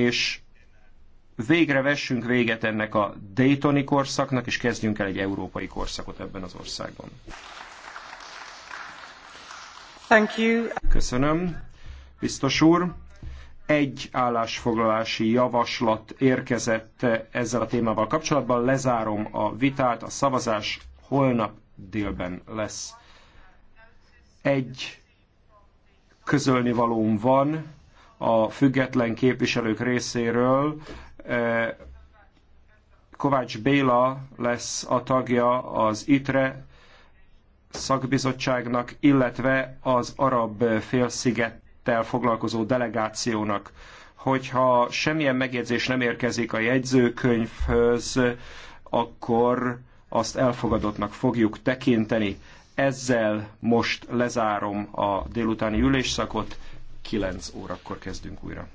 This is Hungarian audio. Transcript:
és végre vessünk véget ennek a Daytoni korszaknak, és kezdjünk el egy európai korszakot ebben az országban. Thank you. Köszönöm, biztos úr. Egy állásfoglalási javaslat érkezett ezzel a témával kapcsolatban. Lezárom a vitát, a szavazás holnap délben lesz. Egy valóm van, a független képviselők részéről. E, Kovács Béla lesz a tagja az ITRE szakbizottságnak, illetve az arab félszigettel foglalkozó delegációnak. Hogyha semmilyen megjegyzés nem érkezik a jegyzőkönyvhöz, akkor azt elfogadottnak fogjuk tekinteni. Ezzel most lezárom a délutáni ülésszakot. 9 órakor kezdünk újra.